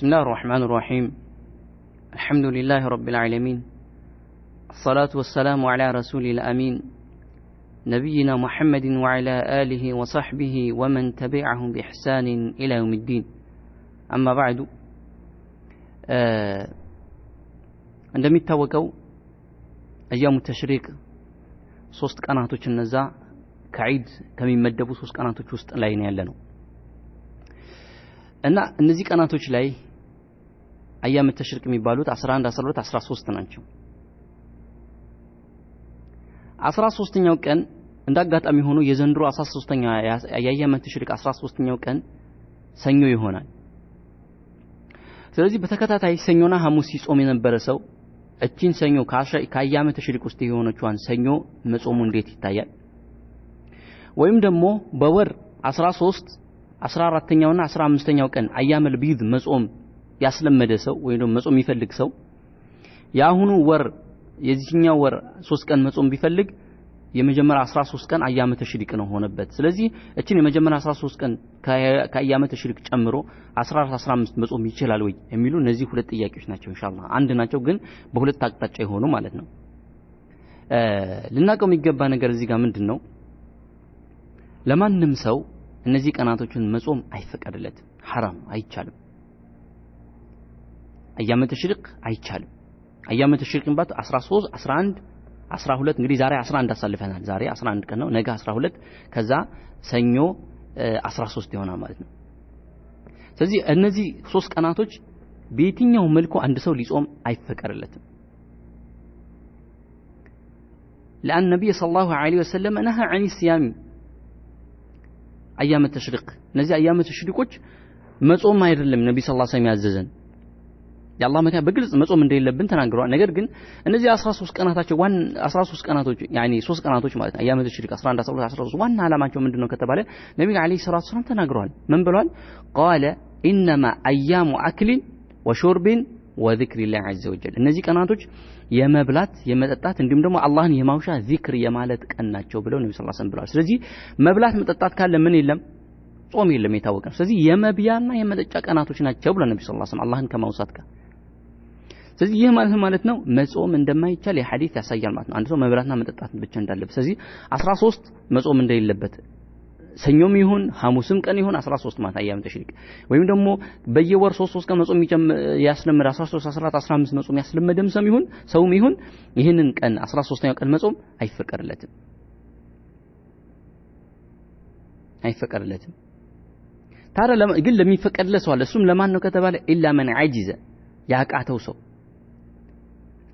بسم الله الرحمن الرحيم الحمد لله رب العالمين الصلاة والسلام على رسول الأمين نبينا محمد وعلى آله وصحبه ومن تبعهم بإحسان إلى يوم الدين أما بعد آه، عندما አያሙ أيام التشريق ቀናቶች እነዛ ከዒድ ከሚመደቡ ሶስት ቀናቶች ውስጥ ላይ ነው ያለ ነው እና እነዚህ ቀናቶች ላይ አያም ተሽርቅ የሚባሉት 11 12 13 ናቸው። 13ኛው ቀን እንዳጋጣሚ ሆኖ የዘንድሮ 13ኛው የአያም ተሽርቅ 13ኛው ቀን ሰኞ ይሆናል። ስለዚህ በተከታታይ ሰኞና ሐሙስ ሲጾም የነበረ ሰው እቺን ሰኞ ከአያመ ተሽሪቅ ውስጥ የሆነችዋን ሰኞ መጾሙ እንዴት ይታያል? ወይም ደግሞ በወር 13 14ኛውና 15ኛው ቀን አያመል መጾም ያስለመደ ሰው ወይም ደግሞ መጾም የሚፈልግ ሰው የአሁኑ ወር የዚህኛው ወር ሶስት ቀን መጾም ቢፈልግ የመጀመሪያ 13 ቀን አያመ ተሽሪቅ ነው ሆነበት። ስለዚህ እችን የመጀመሪያ 13 ቀን ከአያመ ተሽሪቅ ጨምሮ 14 15 መጾም ይችላል ወይ የሚሉ እነዚህ ሁለት ጥያቄዎች ናቸው። ኢንሻአላህ አንድ ናቸው፣ ግን በሁለት አቅጣጫ የሆኑ ማለት ነው። ልናቀው የሚገባ ነገር እዚህ ጋር ምንድን ነው? ለማንም ሰው እነዚህ ቀናቶችን መጾም አይፈቀድለትም፣ ሐራም አይቻልም። አያመ ተሽሪቅ አይቻልም። አያመ ተሽሪቅን ባት 13 11 12 እንግዲህ ዛሬ 11 አሳልፈናል። ዛሬ 11 ቀን ነው፣ ነገ 12 ከዛ ሰኞ 13 ይሆናል ማለት ነው። ስለዚህ እነዚህ ሶስት ቀናቶች በየትኛው መልኩ አንድ ሰው ሊጾም አይፈቀድለትም። لأن النبي صلى الله عليه وسلم نهى عن الصيام أيام التشريق እነዚህ أيام التشريقዎች መጾም አይደለም ነቢ ስ ላ ስለም ያዘዘን የአላህ መካ በግልጽ መጾም እንደሌለብን ተናግረዋል። ነገር ግን እነዚህ 13 ቀናታቸው ዋን 13 ቀናቶች ያኒ 3 ቀናቶች ማለት ነው አያመቱ ሽሪክ 11 12 13 ዋና አላማቸው ምንድነው ከተባለ ነብዩ አለይሂ ሰላቱ ሰላም ተናግረዋል። ምን ብለዋል? ቃለ ኢነማ አያሙ አክሊን ወሹርቢን ወዚክሪላህ ዐዘ ወጀል እነዚህ ቀናቶች የመብላት የመጠጣት እንዲሁም ደግሞ አላህን የማውሻ ዚክር የማለት ቀን ናቸው ብለው ነብዩ ሰለላሁ ዐለይሂ ወሰለም ብለዋል። ስለዚህ መብላት መጠጣት ካለ ምን የለም ጾም የለም የታወቀ ነው። ስለዚህ የመብያና የመጠጫ ቀናቶች ናቸው ብለው ነብዩ ሰለላሁ ዐለይሂ አላህን ከማውሳት ጋር ስለዚህ ይህ ማለት ማለት ነው መጾም እንደማይቻል የሐዲስ ያሳያል ማለት ነው። አንድ ሰው መብላትና መጠጣት ብቻ እንዳለበት። ስለዚህ 13 መጾም እንደሌለበት ሰኞም ይሁን ሐሙስም ቀን ይሁን 13 ማታ ያም ተሽሪክ ወይም ደግሞ በየወር 3 3 ቀን መጾም ያስለመደ 13 14 15 መጾም ያስለመደም ሰም ይሁን ሰውም ይሁን ይህንን ቀን 13ኛው ቀን መጾም አይፈቀርለትም አይፈቀርለትም ታዲያ ግን ለሚፈቀድለት ሰው አለ። እሱም ለማን ነው ከተባለ ኢላ መን አጂዘ ያቃተው ሰው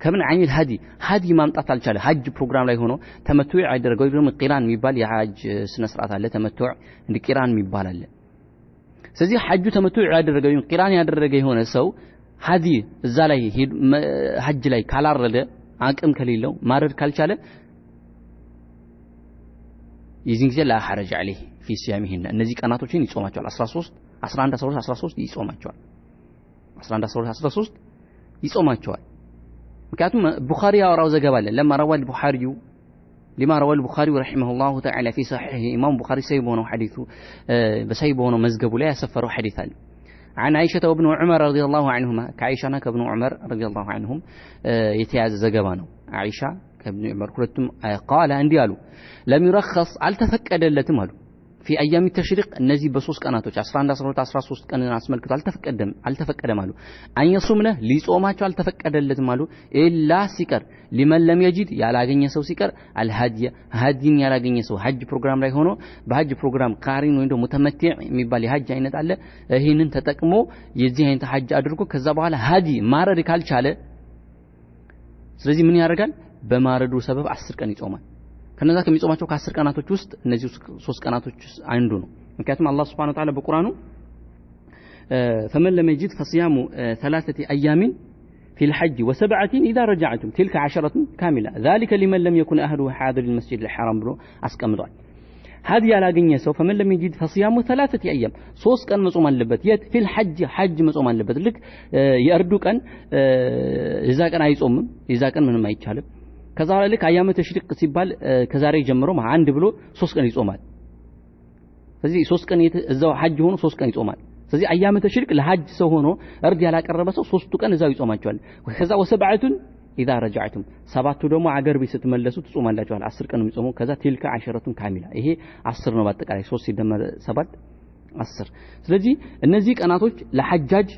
ከምን አይነት ሀዲ ሀዲ ማምጣት አልቻለ። ሀጅ ፕሮግራም ላይ ሆኖ ተመቱዕ አይደረገው ወይም ቂራን የሚባል የሀጅ ስነ ስርዓት አለ። ተመቱዕ እንደ ቂራን የሚባል አለ። ስለዚህ ሀጁ ተመቱዕ ያደረገ ወይም ቂራን ያደረገ የሆነ ሰው ሀዲ እዛ ላይ ሀጅ ላይ ካላረደ አቅም ከሌለው ማረድ ካልቻለ የዚህን ጊዜ ላሐረጅ ዐለይህ ፊ ሲያሚሂን እነዚህ ቀናቶችን ይጾማቸዋል። 13 11 12 13 ይጾማቸዋል። 11 12 13 ይጾማቸዋል። مكاتم البخاري روى زقبالا لما روى البخاري لما روى البخاري رحمه الله تعالى في صحيحه إمام بخاري سيبونه حديثه آه، بسيبونه مزقب لا سفره حديثا عن عائشة وابن عمر رضي الله عنهما كعائشة كابن عمر رضي الله عنهم آه، يتعز زقبانه عائشة كابن عمر قلتم آه، قال أنديالو لم يرخص التفك أدلتم هلو ፊ አያሚ ተሽሪቅ እነዚህ በሶስት ቀናቶች 11 12 13 ቀንን አስመልክቶ አልተፈቀደም አልተፈቀደም አሉ። አንየሱምነ ሊጾማቸው አልተፈቀደለትም አሉ። ኢላ ሲቀር ሊመን የጂድ ያላገኘ ሰው ሲቀር አልሃዲያ ሃዲን ያላገኘ ሰው ሀጅ ፕሮግራም ላይ ሆኖ በሀጅ ፕሮግራም ካሪን ወይ ደግሞ ሙተመቲዕ የሚባል የሀጅ አይነት አለ። ይህንን ተጠቅሞ የዚህ አይነት ሀጅ አድርጎ ከዛ በኋላ ሀዲ ማረድ ካልቻለ ስለዚህ ምን ያደርጋል? በማረዱ ሰበብ አስር ቀን ይጾማል። ከነዛ ከሚጾማቸው ከአስር ቀናቶች ውስጥ እነዚህ ሶስት ቀናቶች ውስጥ አንዱ ነው ምክንያቱም አላህ ስብሓን ታላ በቁርአኑ ፈመን ለም የጅድ ፈስያሙ ثلاثه አያሚን في الحج وسبعة إذا رجعتم تلك عشرة كاملة ذلك لمن لم يكن أهله حاضر المسجد الحرام برو أسكم ضعي هذه على جنية سو فمن لم يجد فصيام ثلاثة أيام صوص كان مصوم اللبت يت في الحج حج مصوم اللبت لك يردو كان إذا كان عايز أمم إذا كان من ما يتشالب ከዛ በኋላ ልክ አያመ ተሽሪቅ ሲባል ከዛሬ ጀምሮ አንድ ብሎ ሶስት ቀን ይጾማል። ስለዚህ ሶስት ቀን እዛው ሐጅ ሆኖ ሶስት ቀን ይጾማል። ስለዚህ አያመ ተሽሪቅ ለሐጅ ሰው ሆኖ እርድ ያላቀረበ ሰው ሶስቱ ቀን እዛው ይጾማቸዋል። ከዛ ወሰብዓቱን ኢዛ ረጃዕቱም ሰባቱ ደግሞ አገር ቤት ስትመለሱ ትጾማላችኋል። አስር ቀን የሚጾሙ። ከዛ ቲልካ አሸረቱን ካሚላ ይሄ አስር ነው በአጠቃላይ ሶስት ሲደመር ሰባት አስር ስለዚህ እነዚህ ቀናቶች ለሐጃጅ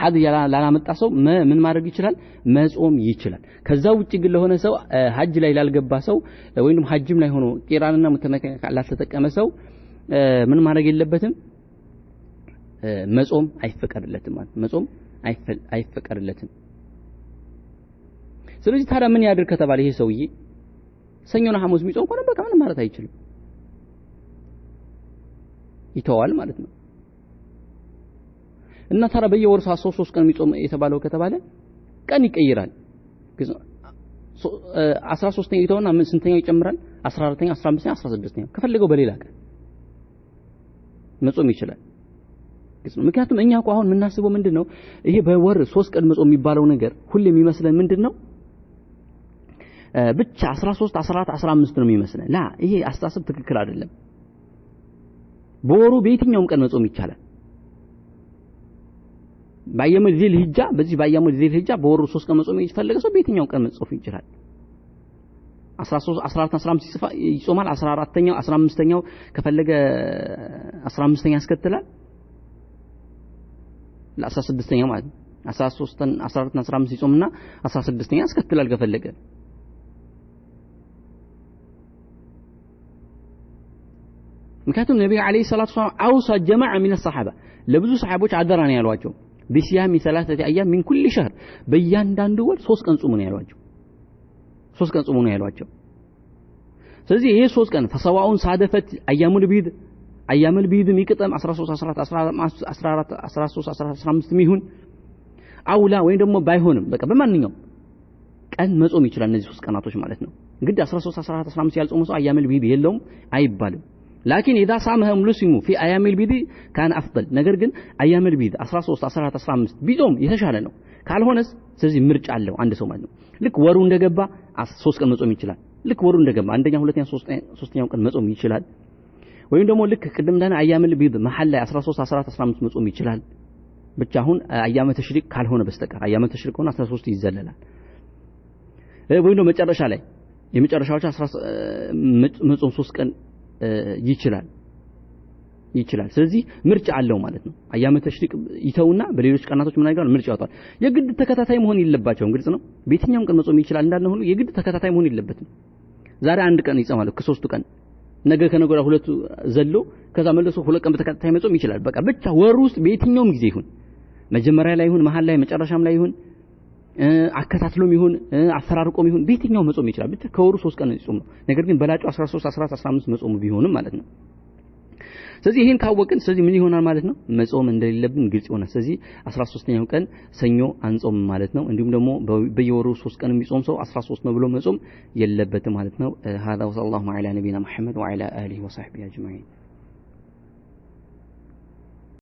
ሐድ ላላመጣ ሰው ምን ማድረግ ይችላል? መጾም ይችላል። ከዛ ውጭ ግን ለሆነ ሰው ሐጅ ላይ ላልገባ ሰው ወይንም ሐጅም ላይ ሆኖ ቂራንና ሙተነካ ላልተጠቀመ ሰው ምን ማድረግ የለበትም? መጾም አይፈቀድለትም ማለት መጾም አይፈቀድለትም። ስለዚህ ታዲያ ምን ያድር ከተባለ ይሄ ሰውዬ ሰኞና ሐሙስ የሚጾም ከሆነ በቃ ምንም ማለት አይችልም። ይተዋል ማለት ነው እና ታዲያ በየወሩ ሰዓት ሶስት ቀን የሚጾም የተባለው ከተባለ ቀን ይቀይራል አስራ ኛ ይተውና ምን ስንተኛው ይጨምራል 14 ኛ 15ኛ 16ኛ ከፈለገው በሌላ ቀን መጾም ይችላል ምክንያቱም እኛ እኮ አሁን የምናስበው ምንድን ነው ይሄ በወር ሶስት ቀን መጾም የሚባለው ነገር ሁሌ የሚመስለን ምንድን ነው ብቻ 13 14 15 ነው የሚመስለን ላ ይሄ አስተሳሰብ ትክክል አይደለም በወሩ በየትኛውም ቀን መጾም ይቻላል። ዚል ሂጃ በዚህ ዚል ሂጃ በወሩ 3 ቀን መጾም ይፈልገ ሰው በየትኛውም ቀን መጾም ይችላል። 13 14 15 ይጾማል። 14ኛው 15ኛው ከፈለገ 15ኛ ያስከትላል ለ16ኛው ማለት 13 14 15 ይጾምና 16ኛ ያስከትላል ከፈለገ ምክንያቱም ነቢ ዓለይሂ ሰላቱ ሰላም አውሳ ጀማዓ ሚነ ሰሓባ ለብዙ ሰሓቦች አደራ ነው ያሏቸው ቢስያሚ ሰላሰቲ አያም ሚን ኩል ሸህር በእያንዳንዱ ወር ሶስት ቀን ጹሙ ነው ያሏቸው ሶስት ቀን ጹሙ ነው ያሏቸው ስለዚህ ይሄ ሶስት ቀን ፈሰዋኡን ሳደፈት አያሙል ቢድ አያሙል ቢድ ሚቅጠም 13 14 15 አውላ ወይም ደግሞ ባይሆንም በቃ በማንኛውም ቀን መጾም ይችላል እነዚህ ሶስት ቀናቶች ማለት ነው እንግዲህ 13 14 15 ያልጾመ ሰው አያሙል ቢድ የለውም አይባልም ላኪን ኢዛ ሳመህም ሉሲሙ ፊ አያሚል ቢዲ ካን አፍል ነገር ግን አያሚል ቢዲ 13 14 15 ቢጾም የተሻለ ነው ካልሆነስ ስለዚህ ምርጫ አለው አንድ ሰው ማለት ነው ልክ ወሩ እንደገባ ሶስት ቀን መጾም ይችላል ልክ ወሩ እንደገባ አንደኛ ሁለተኛ ሶስተኛው ቀን መጾም ይችላል ወይም ደግሞ ልክ ቅድም እንደነ አያሚል ቢድ መሐል ላይ 13 14 15 መጾም ይችላል ብቻ አሁን አያመ ተሽሪቅ ካልሆነ በስተቀር አያመ ተሽሪቅ ሆነ 13 ይዘለላል ወይም ደግሞ መጨረሻ ላይ የመጨረሻዎች መጾም ሶስት ቀን ይችላል ይችላል ስለዚህ ምርጫ አለው ማለት ነው አያመ ተሽሪቅ ይተውና በሌሎች ቀናቶች ምን አይገባል ምርጫ ያወጣል የግድ ተከታታይ መሆን የለባቸውም ግልጽ ነው በየትኛውም ቀን መጾም ይችላል እንዳለ ሁሉ የግድ ተከታታይ መሆን የለበትም ዛሬ አንድ ቀን ይጾማል ከሶስቱ ቀን ነገ ከነገራ ሁለቱ ዘሎ ከዛ መልሶ ሁለት ቀን በተከታታይ መጾም ይችላል በቃ ብቻ ወር ውስጥ በየትኛውም ጊዜ ይሁን መጀመሪያ ላይ ይሁን መሃል ላይ መጨረሻም ላይ ይሁን አከታትሎም ይሁን አፈራርቆም ይሁን በየትኛው መጾም ይችላል። ብቻ ከወሩ ሶስት ቀን ጾም ነው። ነገር ግን በላጩ 13፣ 14፣ 15 መጾሙ ቢሆንም ማለት ነው። ስለዚህ ይህን ካወቅን ስለዚህ ምን ይሆናል ማለት ነው መጾም እንደሌለብን ግልጽ ይሆናል። ስለዚህ 13ኛው ቀን ሰኞ አንጾም ማለት ነው። እንዲሁም ደግሞ በየወሩ ሶስት ቀን የሚጾም ሰው 13 ነው ብሎ መጾም የለበትም ማለት ነው። هذا وصلى الله على نبينا محمد وعلى آله وصحبه أجمعين